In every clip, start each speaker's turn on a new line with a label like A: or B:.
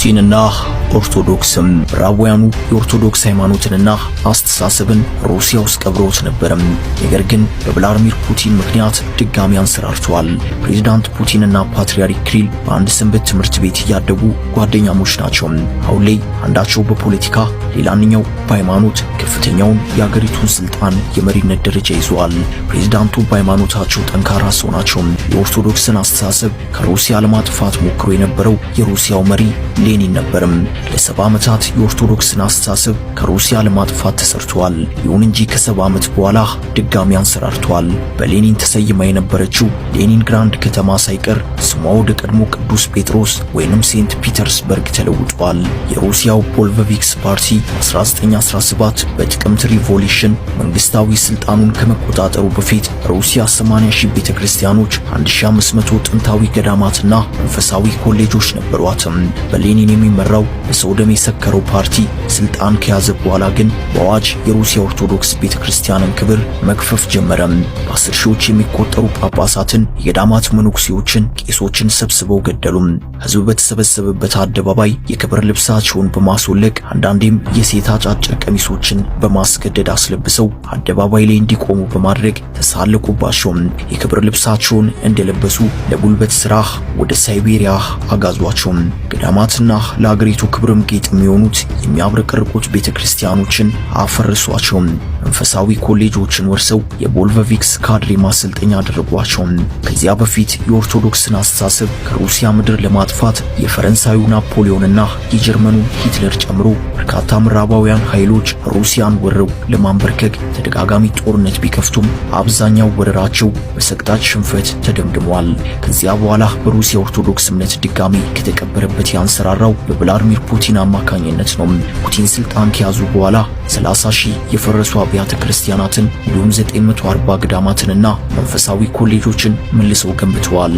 A: için Allah ano? ኦርቶዶክስም ምዕራባውያኑ የኦርቶዶክስ ሃይማኖትንና አስተሳሰብን ሩሲያ ውስጥ ቀብረውት ነበርም። ነገር ግን በቭላድሚር ፑቲን ምክንያት ድጋሚ አንሰራርተዋል። ፕሬዚዳንት ፑቲንና ፓትርያርክ ክሪል በአንድ ሰንበት ትምህርት ቤት እያደጉ ጓደኛሞች ናቸው። አሁን ላይ አንዳቸው በፖለቲካ ሌላኛው በሃይማኖት ከፍተኛውን የአገሪቱን ስልጣን የመሪነት ደረጃ ይዘዋል። ፕሬዚዳንቱ በሃይማኖታቸው ጠንካራ ሰው ናቸው። የኦርቶዶክስን አስተሳሰብ ከሩሲያ ለማጥፋት ሞክሮ የነበረው የሩሲያው መሪ ሌኒን ነበርም። ለሰባ ዓመታት የኦርቶዶክስን አስተሳሰብ ከሩሲያ ለማጥፋት ተሰርቷል። ይሁን እንጂ ከሰባ ዓመት በኋላ ድጋሚ አንሰራርቷል። በሌኒን ተሰይማ የነበረችው ሌኒንግራንድ ከተማ ሳይቀር ስሟ ወደ ቀድሞ ቅዱስ ጴጥሮስ ወይንም ሴንት ፒተርስበርግ ተለውጧል። የሩሲያው ቦልሸቪክስ ፓርቲ 1917 በጥቅምት ሪቮሉሽን መንግስታዊ ስልጣኑን ከመቆጣጠሩ በፊት ሩሲያ 80 ሺህ ቤተ ክርስቲያኖች፣ 1500 ጥንታዊ ገዳማትና መንፈሳዊ ኮሌጆች ነበሯትም። በሌኒን የሚመራው በሰው ደም የሰከረው ፓርቲ ስልጣን ከያዘ በኋላ ግን በአዋጅ የሩሲያ ኦርቶዶክስ ቤተ ክርስቲያንን ክብር መክፈፍ ጀመረም። በአስር ሺዎች የሚቆጠሩ ጳጳሳትን፣ የገዳማት መነኩሴዎችን ቄሶችን ሰብስበው ገደሉም። ህዝብ በተሰበሰበበት አደባባይ የክብር ልብሳቸውን በማስወለቅ አንዳንዴም የሴት አጫጭር ቀሚሶችን በማስገደድ አስለብሰው አደባባይ ላይ እንዲቆሙ በማድረግ ተሳለቁባቸውም። የክብር ልብሳቸውን እንደለበሱ ለጉልበት ስራ ወደ ሳይቤሪያ አጋዟቸውም። ገዳማትና ለአገሪቱ ክብርም ጌጥ የሚሆኑት የሚያብረቀርቁት ቤተ ክርስቲያኖችን አፈርሷቸውም። መንፈሳዊ ኮሌጆችን ወርሰው የቦልቨቪክስ ካድሬ ማሰልጠኛ አደረጓቸውም። ከዚያ በፊት የኦርቶዶክስን አስተሳሰብ ከሩሲያ ምድር ለማጥፋት የፈረንሳዩ ናፖሊዮንና የጀርመኑ ሂትለር ጨምሮ በርካታ ምዕራባውያን ኃይሎች ሩሲያን ወረው ለማንበርከክ ተደጋጋሚ ጦርነት ቢከፍቱም አብዛኛው ወረራቸው በሰቅጣጭ ሽንፈት ተደምድመዋል። ከዚያ በኋላ በሩሲያ ኦርቶዶክስ እምነት ድጋሚ ከተቀበረበት ያንሰራራው በቭላድሚር ፑቲን አማካኝነት ነው። ፑቲን ስልጣን ከያዙ በኋላ 30 ሺህ የፈረሱ አብያተ ክርስቲያናትን እንዲሁም 940 ገዳማትንና መንፈሳዊ ኮሌጆችን መልሰው ገንብተዋል።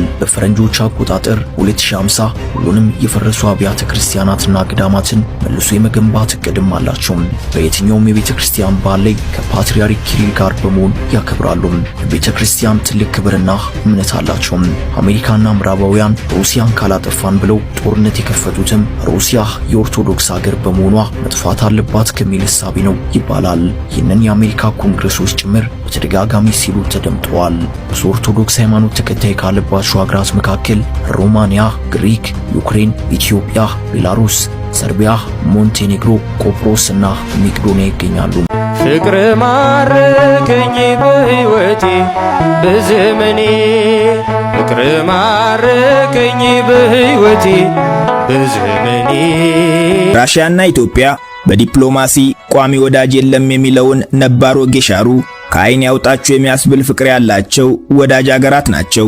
A: ፈረንጆች አቆጣጠር 2050 ሁሉንም የፈረሱ አብያተ ክርስቲያናትና ገዳማትን መልሶ የመገንባት እቅድም አላቸው። በየትኛውም የቤተ ክርስቲያን በዓል ላይ ከፓትርያርክ ኪሪል ጋር በመሆን ያከብራሉ። የቤተ ክርስቲያን ትልቅ ክብርና እምነት አላቸው። አሜሪካና ምዕራባውያን ሩሲያን ካላጠፋን ብለው ጦርነት የከፈቱትም ሩሲያ የኦርቶዶክስ ሀገር በመሆኗ መጥፋት አለባት ከሚል እሳቤ ነው ይባላል። ይህንን የአሜሪካ ኮንግረሶች ጭምር በተደጋጋሚ ሲሉ ተደምጠዋል። ብዙ ኦርቶዶክስ ሃይማኖት ተከታይ ካለባቸው ሀገራት መካከል ሮማንያ፣ ግሪክ፣ ዩክሬን፣ ኢትዮጵያ፣ ቤላሩስ፣ ሰርቢያ፣ ሞንቴኔግሮ፣ ቆጵሮስ እና መቄዶንያ ይገኛሉ።
B: ፍቅር ማረከኝ በሕይወቴ በዘመኔ ፍቅር ማረከኝ በሕይወቴ በዘመኔ።
C: ራሽያና ኢትዮጵያ በዲፕሎማሲ ቋሚ ወዳጅ የለም የሚለውን ነባር ወግ ከአይን ከዓይን ያውጣችሁ የሚያስብል ፍቅር ያላቸው ወዳጅ አገራት ናቸው።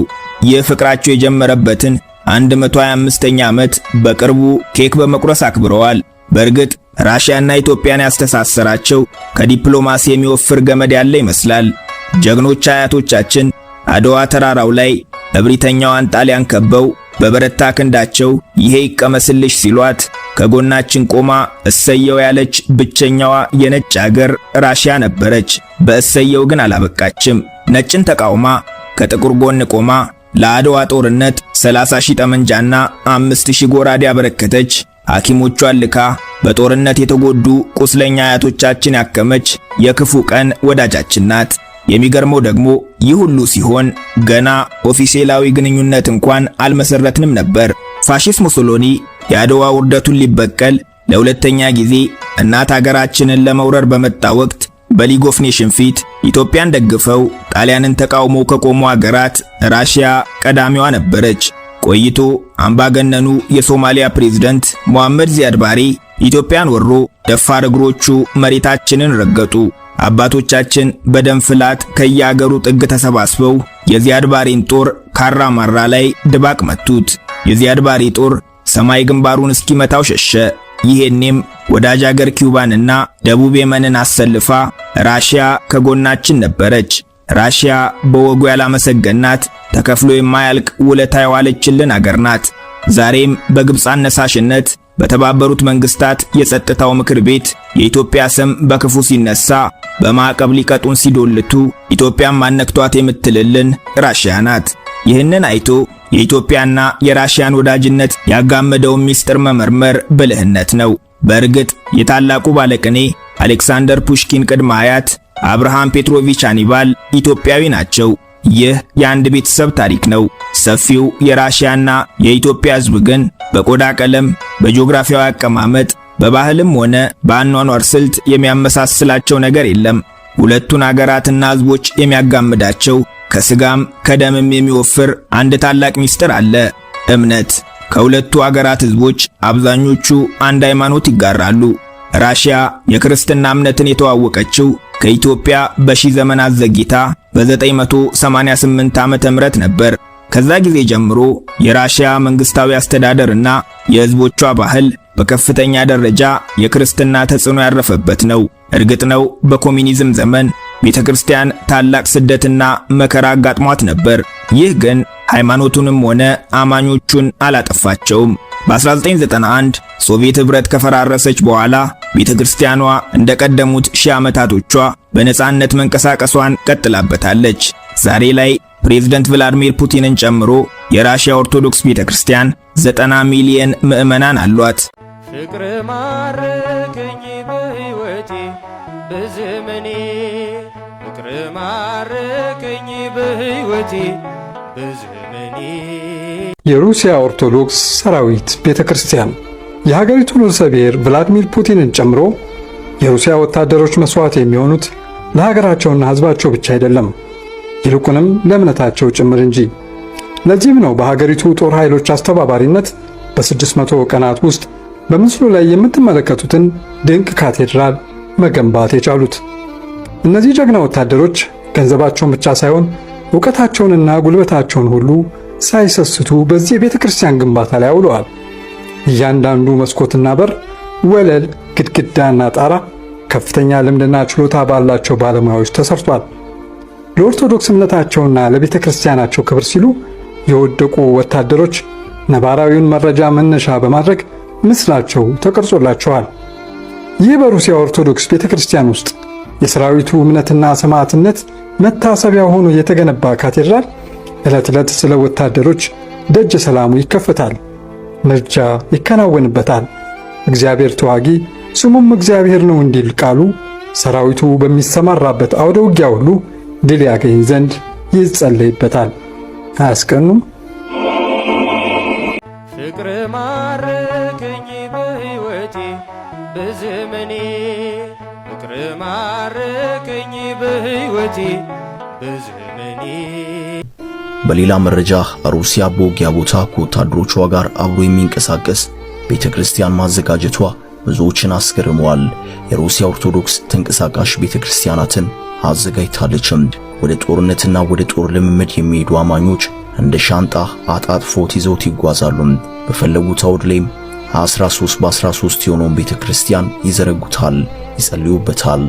C: ይህ ፍቅራቸው የጀመረበትን 125ኛ ዓመት በቅርቡ ኬክ በመቁረስ አክብረዋል። በእርግጥ ራሽያና ኢትዮጵያን ያስተሳሰራቸው ከዲፕሎማሲ የሚወፍር ገመድ ያለ ይመስላል። ጀግኖች አያቶቻችን አድዋ ተራራው ላይ እብሪተኛዋን ጣሊያን ከበው በበረታ ክንዳቸው ይሄ ይቀመስልሽ ሲሏት ከጎናችን ቆማ እሰየው ያለች ብቸኛዋ የነጭ አገር ራሽያ ነበረች። በእሰየው ግን አላበቃችም። ነጭን ተቃውማ ከጥቁር ጎን ቆማ ለአድዋ ጦርነት 30 ሺህ ጠመንጃና ሺህ ጎራዴ ያበረከተች፣ ሐኪሞቿን ልካ በጦርነት የተጎዱ ቁስለኛ አያቶቻችን ያከመች የክፉ ቀን ወዳጃችን ናት። የሚገርመው ደግሞ ይህ ሁሉ ሲሆን ገና ኦፊሴላዊ ግንኙነት እንኳን አልመሰረትንም ነበር። ፋሺስት ሙሶሎኒ የአድዋ ውርደቱን ሊበቀል ለሁለተኛ ጊዜ እናት ሀገራችንን ለመውረር በመጣ ወቅት በሊግ ኦፍ ኔሽን ፊት ኢትዮጵያን ደግፈው ጣሊያንን ተቃውሞ ከቆሙ አገራት ራሽያ ቀዳሚዋ ነበረች። ቆይቶ አምባገነኑ የሶማሊያ ፕሬዝዳንት ሞሐመድ ዚያድ ባሬ ኢትዮጵያን ወሮ ደፋር እግሮቹ መሬታችንን ረገጡ። አባቶቻችን በደም ፍላት ከየአገሩ ጥግ ተሰባስበው የዚያድ ባሬን ጦር ካራ ማራ ላይ ድባቅ መቱት። የዚያድ ባሬ ጦር ሰማይ ግንባሩን እስኪመታው ሸሸ። ይሄኔም ወዳጅ አገር ኪውባንና ደቡብ የመንን አሰልፋ ራሽያ ከጎናችን ነበረች። ራሽያ በወጉ ያላመሰገናት ተከፍሎ የማያልቅ ውለታ የዋለችልን አገር ናት። ዛሬም በግብፅ አነሳሽነት በተባበሩት መንግስታት የጸጥታው ምክር ቤት የኢትዮጵያ ስም በክፉ ሲነሳ በማዕቀብ ሊቀጡን ሲዶልቱ ኢትዮጵያን ማነክቷት የምትልልን ራሽያ ናት። ይህንን አይቶ የኢትዮጵያና የራሽያን ወዳጅነት ያጋመደውን ሚስጥር መመርመር ብልህነት ነው። በእርግጥ የታላቁ ባለቅኔ አሌክሳንደር ፑሽኪን ቅድመ አያት አብርሃም ፔትሮቪች አኒባል ኢትዮጵያዊ ናቸው። ይህ የአንድ ቤተሰብ ታሪክ ነው። ሰፊው የራሽያና የኢትዮጵያ ሕዝብ ግን በቆዳ ቀለም፣ በጂኦግራፊያዊ አቀማመጥ፣ በባህልም ሆነ በአኗኗር ስልት የሚያመሳስላቸው ነገር የለም። ሁለቱን አገራትና ሕዝቦች የሚያጋምዳቸው ከስጋም ከደምም የሚወፍር አንድ ታላቅ ምስጢር አለ፣ እምነት። ከሁለቱ አገራት ህዝቦች አብዛኞቹ አንድ ሃይማኖት ይጋራሉ። ራሽያ የክርስትና እምነትን የተዋወቀችው ከኢትዮጵያ በሺ ዘመናት ዘግይታ በ988 ዓመተ ምህረት ነበር። ከዛ ጊዜ ጀምሮ የራሽያ መንግስታዊ አስተዳደርና የህዝቦቿ ባህል በከፍተኛ ደረጃ የክርስትና ተጽዕኖ ያረፈበት ነው። እርግጥ ነው በኮሚኒዝም ዘመን ቤተ ክርስቲያን ታላቅ ስደትና መከራ አጋጥሟት ነበር። ይህ ግን ሃይማኖቱንም ሆነ አማኞቹን አላጠፋቸውም። በ1991 ሶቪየት ኅብረት ከፈራረሰች በኋላ ቤተ ክርስቲያኗ እንደ ቀደሙት ሺህ ዓመታቶቿ በነፃነት መንቀሳቀሷን ቀጥላበታለች። ዛሬ ላይ ፕሬዝደንት ቭላድሚር ፑቲንን ጨምሮ የራሽያ ኦርቶዶክስ ቤተ ክርስቲያን 90 ሚሊየን ምዕመናን አሏት።
D: ፍቅር ማረከኝ በሕይወቴ በዘመኔ ፍቅር ማረከኝ በሕይወቴ በዘመኔ።
E: የሩሲያ ኦርቶዶክስ ሰራዊት ቤተ ክርስቲያን የሀገሪቱ ርዕሰ ብሔር ቭላዲሚር ፑቲንን ጨምሮ የሩሲያ ወታደሮች መሥዋዕት የሚሆኑት ለሀገራቸውና ሕዝባቸው ብቻ አይደለም፣ ይልቁንም ለእምነታቸው ጭምር እንጂ። ለዚህም ነው በሀገሪቱ ጦር ኃይሎች አስተባባሪነት በስድስት መቶ ቀናት ውስጥ በምስሉ ላይ የምትመለከቱትን ድንቅ ካቴድራል መገንባት የቻሉት። እነዚህ ጀግና ወታደሮች ገንዘባቸውን ብቻ ሳይሆን እውቀታቸውንና ጉልበታቸውን ሁሉ ሳይሰስቱ በዚህ የቤተ ክርስቲያን ግንባታ ላይ አውለዋል። እያንዳንዱ መስኮትና በር፣ ወለል፣ ግድግዳና ጣራ ከፍተኛ ልምድና ችሎታ ባላቸው ባለሙያዎች ተሰርቷል። ለኦርቶዶክስ እምነታቸውና ለቤተ ክርስቲያናቸው ክብር ሲሉ የወደቁ ወታደሮች ነባራዊውን መረጃ መነሻ በማድረግ ምስላቸው ተቀርጾላቸዋል። ይህ በሩሲያ ኦርቶዶክስ ቤተ ክርስቲያን ውስጥ የሰራዊቱ እምነትና ሰማዕትነት መታሰቢያ ሆኖ የተገነባ ካቴድራል ዕለት ዕለት ስለ ወታደሮች ደጀ ሰላሙ ይከፈታል፣ ምርጃ ይከናወንበታል። እግዚአብሔር ተዋጊ ስሙም እግዚአብሔር ነው እንዲል ቃሉ ሰራዊቱ በሚሰማራበት አውደ ውጊያ ሁሉ ድል ያገኝ ዘንድ ይጸለይበታል። አያስቀኑም
F: ፍቅር ዘመኔ ፍቅር ማረከኝ በሕይወቴ በዘመኔ።
G: በሌላ መረጃ ሩሲያ በውጊያ ቦታ ከወታደሮቿ ጋር አብሮ የሚንቀሳቀስ ቤተ ክርስቲያን ማዘጋጀቷ ብዙዎችን አስገርመዋል። የሩሲያ ኦርቶዶክስ ተንቀሳቃሽ ቤተ ክርስቲያናትን አዘጋጅታለችም። ወደ ጦርነትና ወደ ጦር ልምምድ የሚሄዱ አማኞች እንደ ሻንጣ አጣጥፎት ይዘውት ይጓዛሉ። በፈለጉት አውድ ላይም 13 በ13 የሆነውን ቤተ ክርስቲያን ይዘረጉታል፣ ይጸልዩበታል።